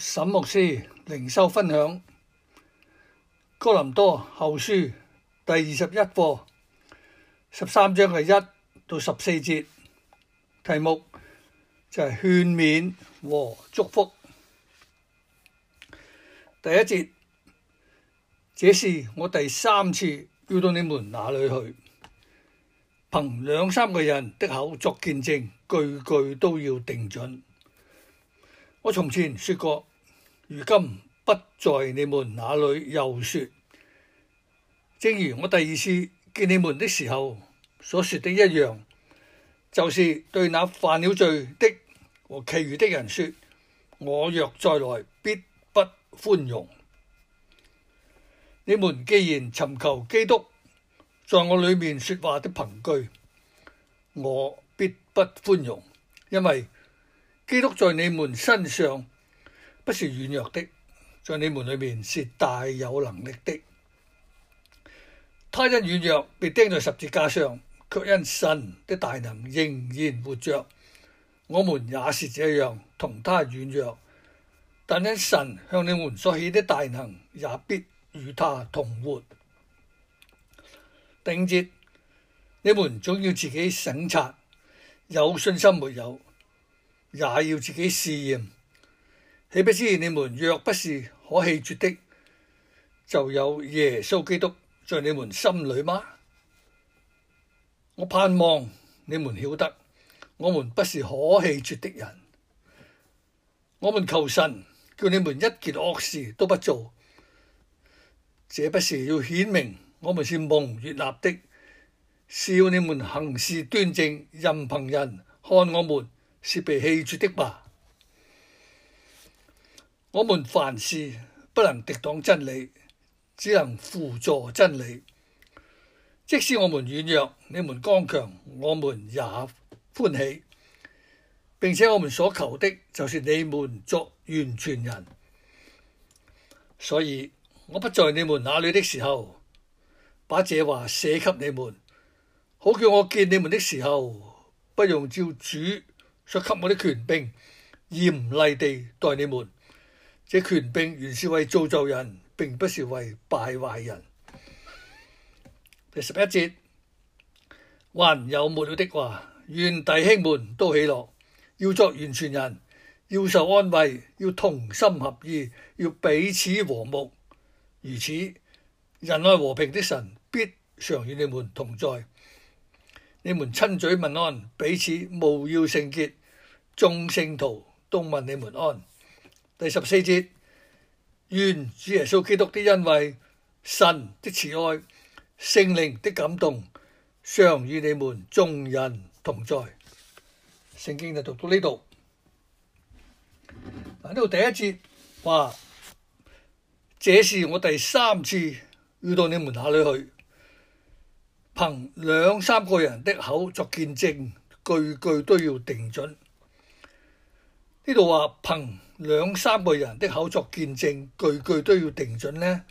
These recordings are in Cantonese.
沈牧師靈修分享《哥林多後書》第二十一課，十三章係一到十四節，題目就係勸勉和祝福。第一節，這是我第三次要到你們那裡去，憑兩三個人的口作見證，句句都要定準。我從前說過。如今不在你們那裏又說，正如我第二次見你們的時候所說的一樣，就是對那犯了罪的和其餘的人說：我若再來，必不寬容。你們既然尋求基督在我裏面說話的憑據，我必不寬容，因為基督在你們身上。不是軟弱的，在你們裏面是大有能力的。他因軟弱被釘在十字架上，卻因神的大能仍然活着。我們也是這樣，同他軟弱，但因神向你們所起的大能，也必與他同活。頂節你們總要自己省察，有信心沒有，也要自己試驗。豈不知你們若不是可棄絕的，就有耶穌基督在你們心裏嗎？我盼望你們曉得，我們不是可棄絕的人。我們求神叫你們一件惡事都不做，這不是要顯明我們是蒙悅納的，是要你們行事端正，任憑人看我們是被棄絕的吧。我們凡事不能敵擋真理，只能輔助真理。即使我們軟弱，你們剛強，我們也歡喜，並且我們所求的就是你們作完全人。所以我不在你們那裏的時候，把這話寫給你們，好叫我見你們的時候，不用照主所給我的權柄嚴厲地待你們。這權柄原是為造就人，並不是為敗壞人。第十一節還有末了的話：願弟兄們都喜樂，要作完全人，要受安慰，要同心合意，要彼此和睦。如此，仁愛和平的神必常與你們同在。你們親嘴問安，彼此務要聖潔，眾聖徒都問你們安。第十四節，願主耶穌基督的恩惠、神的慈愛、聖靈的感動，常與你們眾人同在。聖經就讀到呢度。嗱，呢度第一節話，這是我第三次遇到你們那裏去，憑兩三個人的口作見證，句句都要定準。呢度話憑。憑兩三個人的口作見證，句句都要定準呢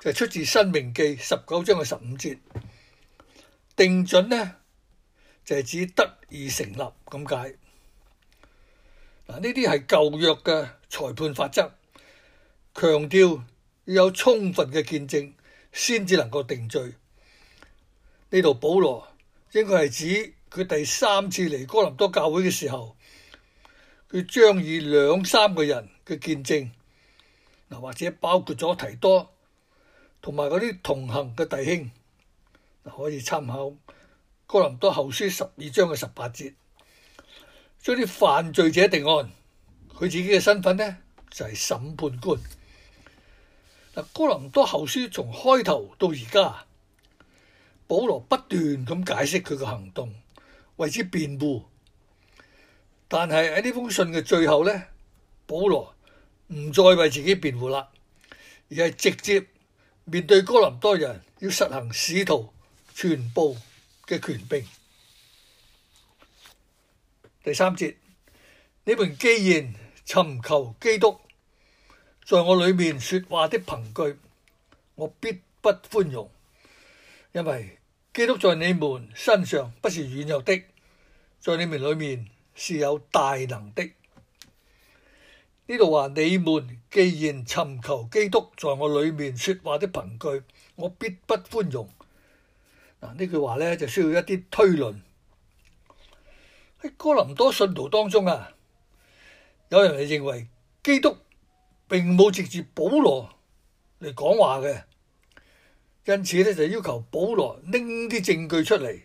就係、出自《申命記》十九章嘅十五節。定準呢就係、是、指得以成立咁解。嗱、這個，呢啲係舊約嘅裁判法則，強調要有充分嘅見證先至能夠定罪。呢度保羅應該係指佢第三次嚟哥林多教會嘅時候。佢將以兩三個人嘅見證，嗱，或者包括咗提多同埋嗰啲同行嘅弟兄，可以參考哥林多後書十二章嘅十八節，將啲犯罪者定案。佢自己嘅身份呢就係審判官。嗱，哥林多後書從開頭到而家，保羅不斷咁解釋佢嘅行動，為之辯護。但係喺呢封信嘅最後咧，保羅唔再為自己辯護啦，而係直接面對哥林多人，要實行使徒全部嘅權柄。第三節，你們既然尋求基督在我裏面説話的憑據，我必不寬容，因為基督在你們身上不是軟弱的，在你們裏面，是有大能的。呢度話你們既然尋求基督在我裏面說話的憑據，我必不寬容。嗱，呢句話咧就需要一啲推論。喺哥林多信徒當中啊，有人係認為基督並冇直接保羅嚟講話嘅，因此咧就要求保羅拎啲證據出嚟。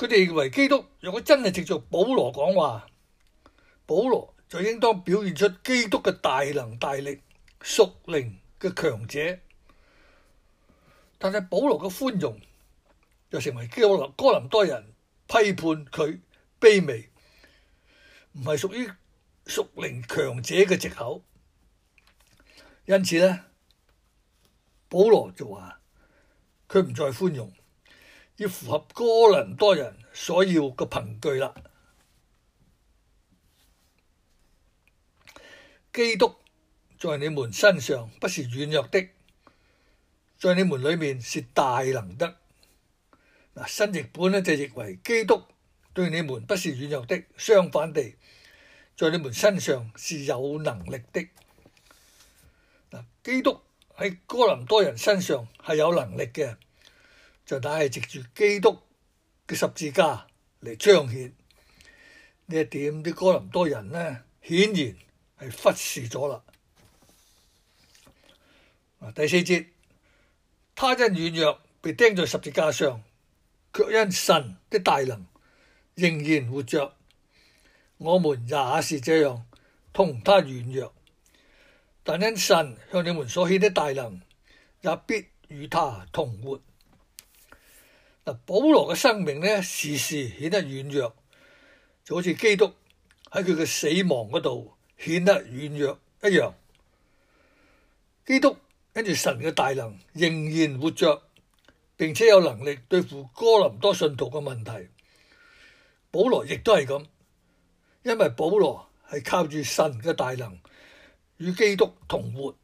佢哋認為基督如果真係藉著保羅講話，保羅就應當表現出基督嘅大能大力，屬靈嘅強者。但係保羅嘅寬容，就成為哥林哥林多人批判佢卑微，唔係屬於屬靈強者嘅藉口。因此咧，保羅就話佢唔再寬容。要符合哥林多人所要嘅憑據啦。基督在你們身上不是軟弱的，在你們裏面是大能的。嗱，新譯本咧就認為基督對你們不是軟弱的，相反地，在你們身上是有能力的。基督喺哥林多人身上係有能力嘅。就但係藉住基督嘅十字架嚟彰顯呢一點，啲哥林多人呢顯然係忽視咗啦。第四節，他因軟弱被釘在十字架上，卻因神的大能仍然活着。我們也是這樣，同他軟弱，但因神向你們所顯的大能，也必與他同活。嗱，保羅嘅生命咧，時時顯得軟弱，就好似基督喺佢嘅死亡嗰度顯得軟弱一樣。基督跟住神嘅大能仍然活着，並且有能力對付哥林多信徒嘅問題。保羅亦都係咁，因為保羅係靠住神嘅大能與基督同活。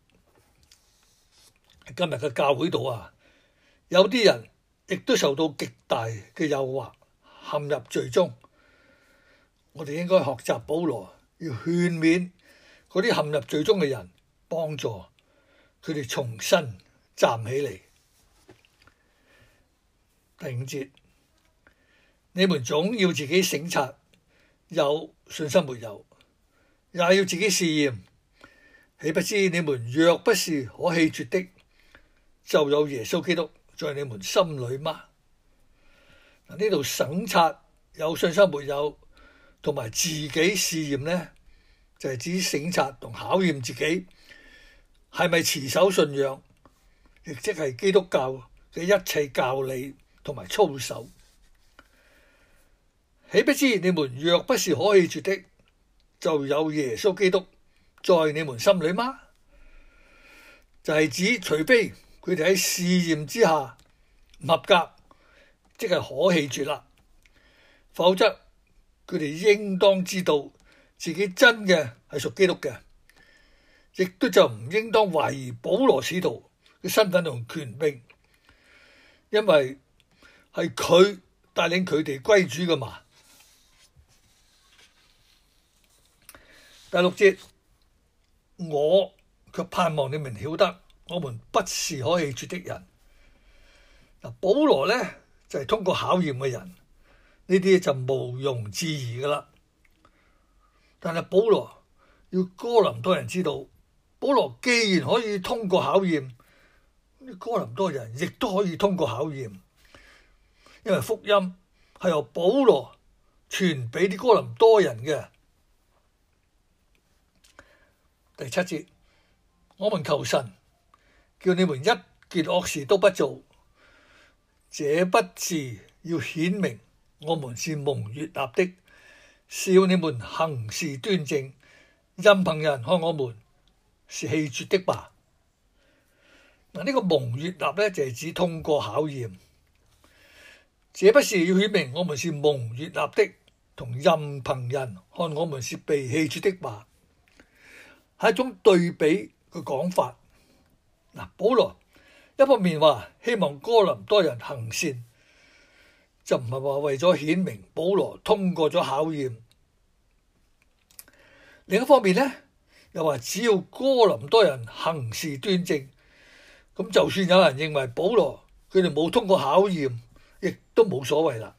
今日嘅教會度啊，有啲人。亦都受到極大嘅誘惑，陷入罪中。我哋應該學習保羅，要勸勉嗰啲陷入罪中嘅人，幫助佢哋重新站起嚟。第五節，你們總要自己省察有信心沒有，也要自己試驗。豈不知你們若不是可棄絕的，就有耶穌基督在你們心裏嗎？嗱，呢度省察有信心沒有，同埋自己試驗咧，就係、是、指省察同考驗自己係咪持守信仰，亦即係基督教嘅一切教理同埋操守。豈不知你們若不是可棄絕的，就有耶穌基督在你們心裏嗎？就係、是、指除非。佢哋喺試驗之下唔合格，即係可棄絕啦。否則，佢哋應當知道自己真嘅係屬基督嘅，亦都就唔應當懷疑保羅使徒嘅身份同權柄，因為係佢帶領佢哋歸主㗎嘛。第六節，我卻盼望你們曉得。我們不是可棄絕的人。嗱，保羅咧就係、是、通過考驗嘅人，呢啲就毋庸置疑噶啦。但係保羅要哥林多人知道，保羅既然可以通過考驗，啲哥林多人亦都可以通過考驗，因為福音係由保羅傳俾啲哥林多人嘅。第七節，我們求神。叫你們一件惡事都不做，這不是要顯明我們是蒙悅納的，是要你們行事端正，任憑人看我們是棄絕的吧？嗱，呢個蒙悅納咧就係指通過考驗，這不是要顯明我們是蒙悅納的，同任憑人看我們是被棄絕的吧？係一種對比嘅講法。嗱，保羅一方面話希望哥林多人行善，就唔係話為咗顯明保羅通過咗考驗；另一方面咧，又話只要哥林多人行事端正，咁就算有人認為保羅佢哋冇通過考驗，亦都冇所謂啦。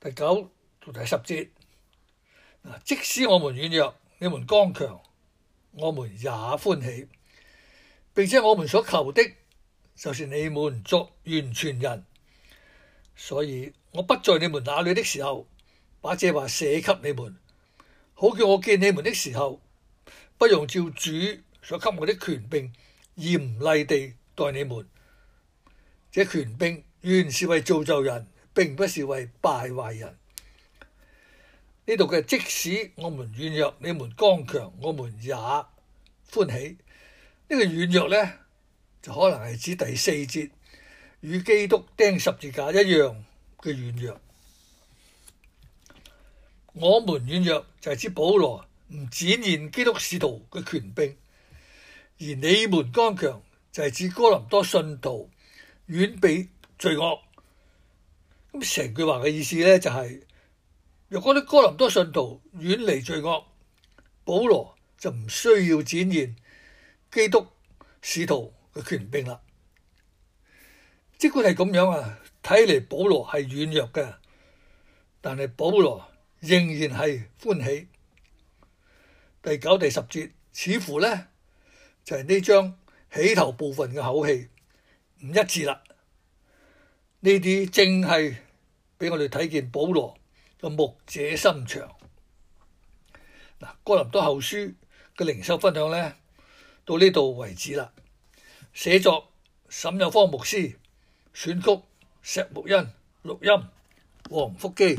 第九同第十節，嗱，即使我們軟弱，你們剛強。我們也歡喜，並且我們所求的，就是你們作完全人。所以我不在你們那裏的時候，把這話寫給你們，好叫我見你們的時候，不用照主所給我的權柄嚴厲地待你們。這權柄原是為造就人，並不是為敗壞人。呢度嘅即使我們軟弱，你們剛強，我們也歡喜。呢、這個軟弱呢，就可能係指第四節與基督釘十字架一樣嘅軟弱。我們軟弱就係指保羅唔展現基督使徒嘅權柄，而你們剛強就係指哥林多信徒遠離罪惡。咁成句話嘅意思呢、就是，就係。若果啲哥林多信徒遠離罪惡，保羅就唔需要展現基督使徒嘅權柄啦。即管係咁樣啊，睇嚟保羅係軟弱嘅，但係保羅仍然係歡喜。第九、第十節似乎咧就係呢章起頭部分嘅口氣唔一致啦。呢啲正係俾我哋睇見保羅個牧者心腸嗱，哥林多後書嘅靈修分享咧，到呢度為止啦。寫作沈有芳牧師，選曲石木恩，錄音黃福基。